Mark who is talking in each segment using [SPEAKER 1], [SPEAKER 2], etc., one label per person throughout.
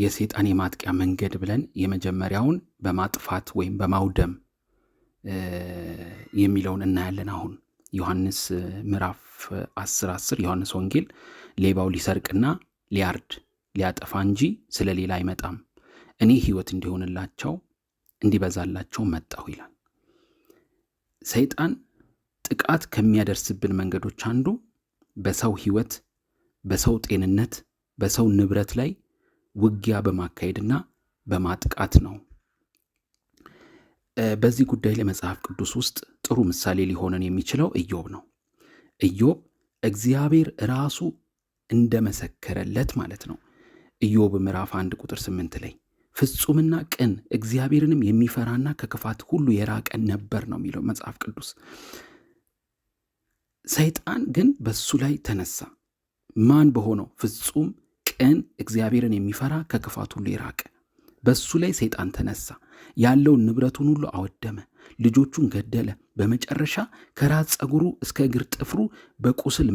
[SPEAKER 1] የሰይጣን የማጥቂያ መንገድ ብለን የመጀመሪያውን በማጥፋት ወይም በማውደም የሚለውን እናያለን። አሁን ዮሐንስ ምዕራፍ አስር አስር ዮሐንስ ወንጌል ሌባው ሊሰርቅና ሊያርድ ሊያጠፋ እንጂ ስለ ሌላ አይመጣም፣ እኔ ሕይወት እንዲሆንላቸው እንዲበዛላቸው መጣሁ ይላል። ሰይጣን ጥቃት ከሚያደርስብን መንገዶች አንዱ በሰው ሕይወት፣ በሰው ጤንነት፣ በሰው ንብረት ላይ ውጊያ በማካሄድና በማጥቃት ነው። በዚህ ጉዳይ ላይ መጽሐፍ ቅዱስ ውስጥ ጥሩ ምሳሌ ሊሆነን የሚችለው ኢዮብ ነው። ኢዮብ እግዚአብሔር ራሱ እንደመሰከረለት ማለት ነው። ኢዮብ ምዕራፍ አንድ ቁጥር ስምንት ላይ ፍጹምና ቅን እግዚአብሔርንም የሚፈራና ከክፋት ሁሉ የራቀ ነበር ነው የሚለው መጽሐፍ ቅዱስ። ሰይጣን ግን በሱ ላይ ተነሳ። ማን በሆነው ፍጹም ቅን እግዚአብሔርን የሚፈራ ከክፋት ሁሉ ይራቀ በእሱ ላይ ሰይጣን ተነሳ፣ ያለውን ንብረቱን ሁሉ አወደመ፣ ልጆቹን ገደለ። በመጨረሻ ከራስ ጸጉሩ እስከ እግር ጥፍሩ በቁስል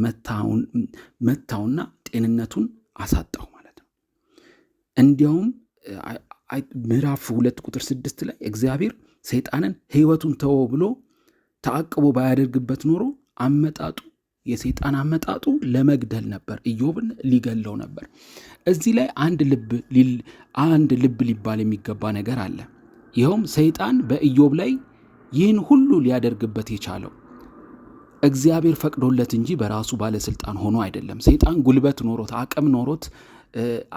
[SPEAKER 1] መታውና ጤንነቱን አሳጣው ማለት ነው። እንዲያውም ምዕራፍ ሁለት ቁጥር ስድስት ላይ እግዚአብሔር ሰይጣንን ሕይወቱን ተወ ብሎ ተአቅቦ ባያደርግበት ኖሮ አመጣጡ የሰይጣን አመጣጡ ለመግደል ነበር፣ ኢዮብን ሊገለው ነበር። እዚህ ላይ አንድ ልብ አንድ ልብ ሊባል የሚገባ ነገር አለ። ይኸውም ሰይጣን በኢዮብ ላይ ይህን ሁሉ ሊያደርግበት የቻለው እግዚአብሔር ፈቅዶለት እንጂ በራሱ ባለስልጣን ሆኖ አይደለም። ሰይጣን ጉልበት ኖሮት አቅም ኖሮት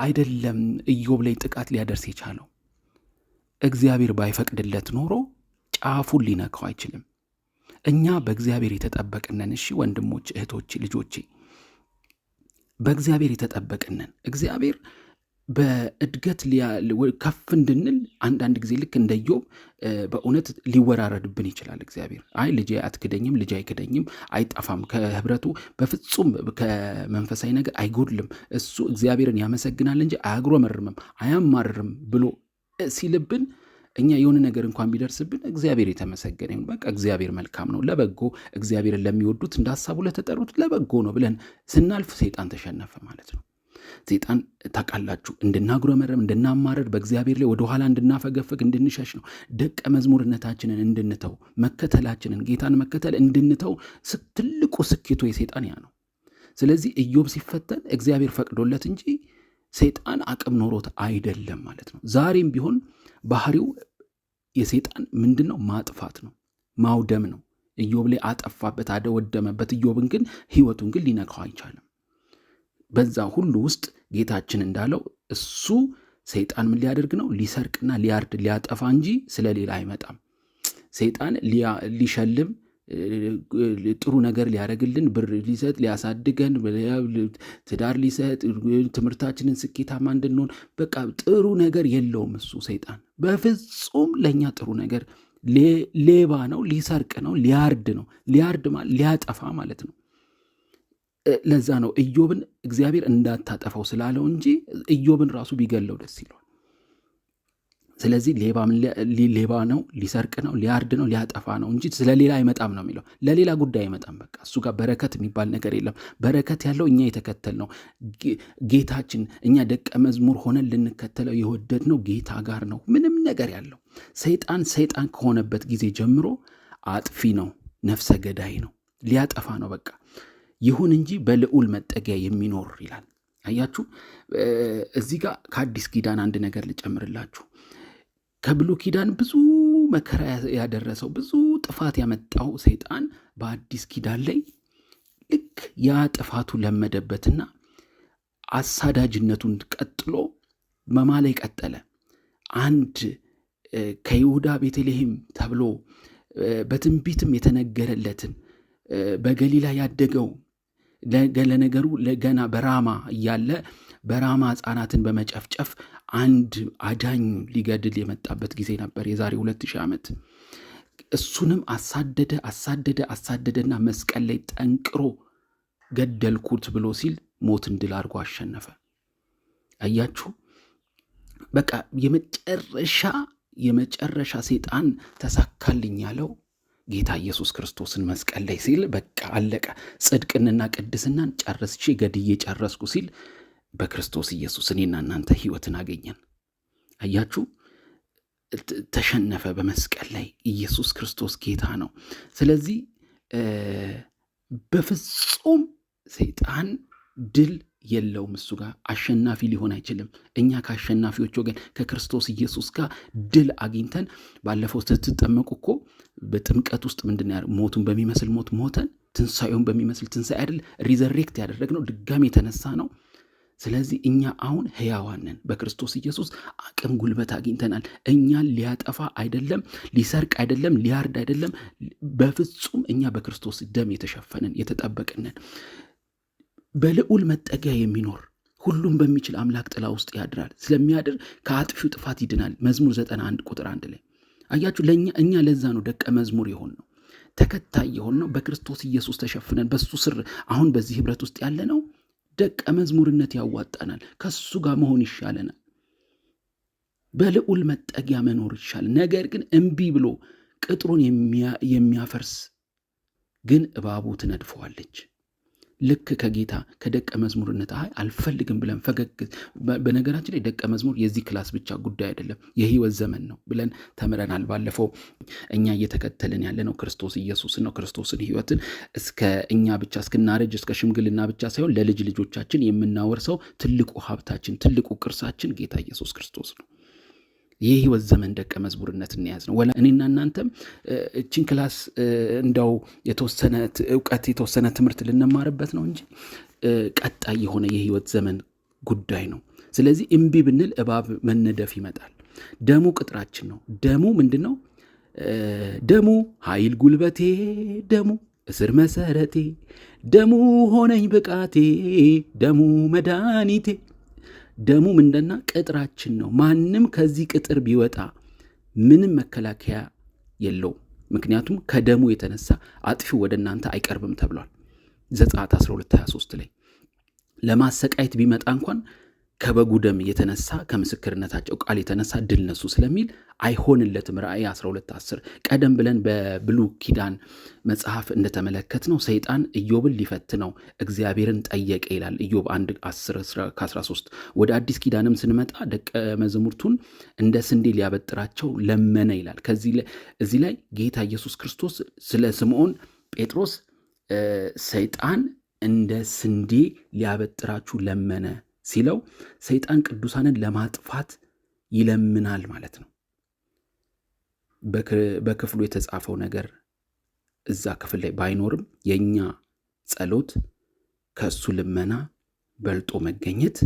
[SPEAKER 1] አይደለም ኢዮብ ላይ ጥቃት ሊያደርስ የቻለው። እግዚአብሔር ባይፈቅድለት ኖሮ ጫፉን ሊነካው አይችልም። እኛ በእግዚአብሔር የተጠበቅነን። እሺ ወንድሞች፣ እህቶች ልጆቼ በእግዚአብሔር የተጠበቅነን። እግዚአብሔር በእድገት ከፍ እንድንል አንዳንድ ጊዜ ልክ እንደ በእውነት ሊወራረድብን ይችላል። እግዚአብሔር አይ ልጄ አትክደኝም፣ ልጄ አይክደኝም፣ አይጠፋም፣ ከህብረቱ በፍጹም ከመንፈሳዊ ነገር አይጎድልም፣ እሱ እግዚአብሔርን ያመሰግናል እንጂ መርምም አያማርርም ብሎ ሲልብን እኛ የሆነ ነገር እንኳን ቢደርስብን እግዚአብሔር የተመሰገነ ይሁን፣ በቃ እግዚአብሔር መልካም ነው፣ ለበጎ እግዚአብሔርን ለሚወዱት እንደ ሀሳቡ ለተጠሩት ለበጎ ነው ብለን ስናልፍ ሰይጣን ተሸነፈ ማለት ነው። ሰይጣን ታውቃላችሁ እንድናጉረመረም እንድናማረር በእግዚአብሔር ላይ ወደኋላ እንድናፈገፍግ እንድንሸሽ ነው። ደቀ መዝሙርነታችንን እንድንተው መከተላችንን ጌታን መከተል እንድንተው ትልቁ ስኬቱ የሰይጣን ያ ነው። ስለዚህ ኢዮብ ሲፈተን እግዚአብሔር ፈቅዶለት እንጂ ሰይጣን አቅም ኖሮት አይደለም ማለት ነው። ዛሬም ቢሆን ባህሪው የሰይጣን ምንድን ነው? ማጥፋት ነው፣ ማውደም ነው። እዮብ ላይ አጠፋበት፣ አደወደመበት። እዮብን ግን ህይወቱን ግን ሊነካው አይቻልም። በዛ ሁሉ ውስጥ ጌታችን እንዳለው እሱ ሰይጣን ምን ሊያደርግ ነው? ሊሰርቅና ሊያርድ ሊያጠፋ እንጂ ስለሌላ አይመጣም። ሰይጣን ሊሸልም ጥሩ ነገር ሊያደርግልን ብር ሊሰጥ ሊያሳድገን፣ ትዳር ሊሰጥ፣ ትምህርታችንን ስኬታማ እንድንሆን በቃ ጥሩ ነገር የለውም። እሱ ሰይጣን በፍጹም ለእኛ ጥሩ ነገር ሌባ ነው፣ ሊሰርቅ ነው፣ ሊያርድ ነው። ሊያርድ ማለት ሊያጠፋ ማለት ነው። ለዛ ነው ኢዮብን እግዚአብሔር እንዳታጠፋው ስላለው እንጂ ኢዮብን ራሱ ቢገለው ደስ ይለዋል። ስለዚህ ሌባ ነው፣ ሊሰርቅ ነው፣ ሊያርድ ነው፣ ሊያጠፋ ነው እንጂ ስለሌላ አይመጣም ነው የሚለው። ለሌላ ጉዳይ አይመጣም። በቃ እሱ ጋር በረከት የሚባል ነገር የለም። በረከት ያለው እኛ የተከተል ነው ጌታችን፣ እኛ ደቀ መዝሙር ሆነን ልንከተለው የወደድ ነው ጌታ ጋር ነው ምንም ነገር ያለው። ሰይጣን ሰይጣን ከሆነበት ጊዜ ጀምሮ አጥፊ ነው፣ ነፍሰ ገዳይ ነው፣ ሊያጠፋ ነው በቃ ይሁን እንጂ በልዑል መጠጊያ የሚኖር ይላል። አያችሁ፣ እዚህ ጋር ከአዲስ ኪዳን አንድ ነገር ልጨምርላችሁ። ከብሉ ኪዳን ብዙ መከራ ያደረሰው ብዙ ጥፋት ያመጣው ሰይጣን በአዲስ ኪዳን ላይ ልክ ያ ጥፋቱ ለመደበትና አሳዳጅነቱን ቀጥሎ መማል ቀጠለ። አንድ ከይሁዳ ቤተልሔም ተብሎ በትንቢትም የተነገረለትን በገሊላ ያደገው ለነገሩ ለገና በራማ እያለ በራማ ህጻናትን በመጨፍጨፍ አንድ አዳኝ ሊገድል የመጣበት ጊዜ ነበር የዛሬ ሁለት ዓመት። እሱንም አሳደደ አሳደደ አሳደደና መስቀል ላይ ጠንቅሮ ገደልኩት ብሎ ሲል ሞትን ድል አድርጎ አሸነፈ። አያችሁ፣ በቃ የመጨረሻ የመጨረሻ ሴጣን ተሳካልኝ ያለው ጌታ ኢየሱስ ክርስቶስን መስቀል ላይ ሲል በቃ አለቀ። ጽድቅንና ቅድስናን ጨረስቼ ገድዬ ጨረስኩ ሲል በክርስቶስ ኢየሱስ እኔና እናንተ ህይወትን አገኘን። አያችሁ፣ ተሸነፈ በመስቀል ላይ ኢየሱስ ክርስቶስ ጌታ ነው። ስለዚህ በፍጹም ሰይጣን ድል የለውም። እሱ ጋር አሸናፊ ሊሆን አይችልም። እኛ ከአሸናፊዎች ወገን ከክርስቶስ ኢየሱስ ጋር ድል አግኝተን ባለፈው ስትጠመቁ እኮ በጥምቀት ውስጥ ምንድን ያደረግ ሞቱን በሚመስል ሞት ሞተን ትንሣኤውን በሚመስል ትንሣኤ አይደል ሪዘሬክት ያደረግነው ድጋሚ የተነሳ ነው። ስለዚህ እኛ አሁን ሕያዋን ነን። በክርስቶስ ኢየሱስ አቅም ጉልበት አግኝተናል። እኛን ሊያጠፋ አይደለም፣ ሊሰርቅ አይደለም፣ ሊያርድ አይደለም። በፍጹም እኛ በክርስቶስ ደም የተሸፈንን የተጠበቅንን በልዑል መጠጊያ የሚኖር ሁሉም በሚችል አምላክ ጥላ ውስጥ ያድራል። ስለሚያድር ከአጥፊው ጥፋት ይድናል። መዝሙር ዘጠና አንድ ቁጥር አንድ ላይ አያችሁ። ለእኛ እኛ ለዛ ነው ደቀ መዝሙር የሆን ነው ተከታይ የሆን ነው በክርስቶስ ኢየሱስ ተሸፍነን በሱ ስር አሁን በዚህ ህብረት ውስጥ ያለ ነው ደቀ መዝሙርነት ያዋጣናል። ከሱ ጋር መሆን ይሻለናል። በልዑል መጠጊያ መኖር ይሻል። ነገር ግን እምቢ ብሎ ቅጥሩን የሚያፈርስ ግን እባቡ ትነድፈዋለች። ልክ ከጌታ ከደቀ መዝሙርነት አይ አልፈልግም ብለን ፈገግ። በነገራችን ላይ ደቀ መዝሙር የዚህ ክላስ ብቻ ጉዳይ አይደለም፣ የህይወት ዘመን ነው ብለን ተምረናል። ባለፈው እኛ እየተከተልን ያለ ነው ክርስቶስ ኢየሱስን ነው። ክርስቶስን ህይወትን እስከ እኛ ብቻ እስክናረጅ እስከ ሽምግልና ብቻ ሳይሆን ለልጅ ልጆቻችን የምናወርሰው ትልቁ ሀብታችን፣ ትልቁ ቅርሳችን ጌታ ኢየሱስ ክርስቶስ ነው። የህይወት ዘመን ደቀ መዝሙርነት እንያዝ ነው። እኔና እናንተም እችን ክላስ እንደው የተወሰነ እውቀት የተወሰነ ትምህርት ልንማርበት ነው እንጂ ቀጣይ የሆነ የህይወት ዘመን ጉዳይ ነው። ስለዚህ እምቢ ብንል እባብ መነደፍ ይመጣል። ደሙ ቅጥራችን ነው። ደሙ ምንድን ነው? ደሙ ኃይል ጉልበቴ፣ ደሙ እስር መሰረቴ፣ ደሙ ሆነኝ ብቃቴ፣ ደሙ መድኃኒቴ ደሙ ምንደና ቅጥራችን ነው። ማንም ከዚህ ቅጥር ቢወጣ ምንም መከላከያ የለው ምክንያቱም ከደሙ የተነሳ አጥፊው ወደ እናንተ አይቀርብም ተብሏል። ዘጸአት 1223 ላይ ለማሰቃየት ቢመጣ እንኳን ከበጉ ደም የተነሳ ከምስክርነታቸው ቃል የተነሳ ድል ነሱ ስለሚል አይሆንለትም። ራእይ 12 10 ቀደም ብለን በብሉ ኪዳን መጽሐፍ እንደተመለከት ነው ሰይጣን ኢዮብን ሊፈትነው እግዚአብሔርን ጠየቀ ይላል ኢዮብ 1 13። ወደ አዲስ ኪዳንም ስንመጣ ደቀ መዛሙርቱን እንደ ስንዴ ሊያበጥራቸው ለመነ ይላል። እዚህ ላይ ጌታ ኢየሱስ ክርስቶስ ስለ ስምዖን ጴጥሮስ ሰይጣን እንደ ስንዴ ሊያበጥራችሁ ለመነ ሲለው ሰይጣን ቅዱሳንን ለማጥፋት ይለምናል ማለት ነው። በክፍሉ የተጻፈው ነገር እዛ ክፍል ላይ ባይኖርም የእኛ ጸሎት ከእሱ ልመና በልጦ መገኘት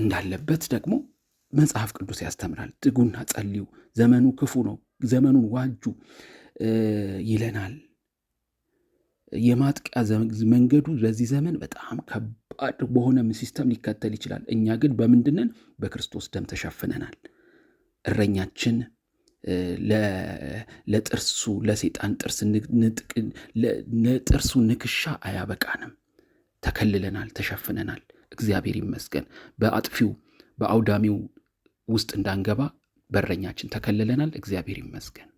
[SPEAKER 1] እንዳለበት ደግሞ መጽሐፍ ቅዱስ ያስተምራል። ትጉና ጸልዩ፣ ዘመኑ ክፉ ነው፣ ዘመኑን ዋጁ ይለናል። የማጥቂያ መንገዱ በዚህ ዘመን በጣም ከባድ በሆነ ሲስተም ሊከተል ይችላል። እኛ ግን በምንድነን? በክርስቶስ ደም ተሸፍነናል። እረኛችን ለጥርሱ ለሴጣን ጥርስ ንክሻ አያበቃንም። ተከልለናል፣ ተሸፍነናል። እግዚአብሔር ይመስገን። በአጥፊው በአውዳሚው ውስጥ እንዳንገባ በረኛችን ተከልለናል። እግዚአብሔር ይመስገን።